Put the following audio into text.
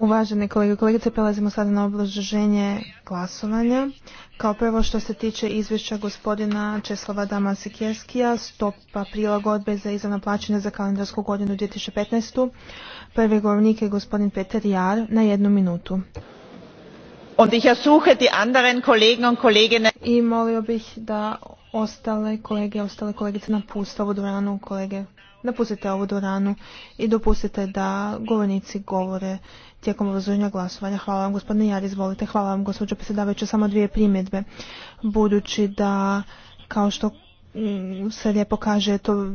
Uvažene kolege i kolegice, prelazimo sada na obrazloženje glasovanja. Kao prvo što se tiče izvješća gospodina Česlava Dama stopa prilagodbe za izravna plaćanja za kalendarsku godinu 2015. Prvi govornik je gospodin Peter Jar na jednu minutu. I molio bih da ostale kolege, ostale kolegice napuste ovu dvoranu, kolege napustite ovu dvoranu i dopustite da govornici govore tijekom obrazloženja glasovanja. Hvala vam gospodine Jar, izvolite. Hvala vam gospođo predsjedavajuća, samo dvije primjedbe. Budući da kao što mm, se lijepo kaže, to bilo...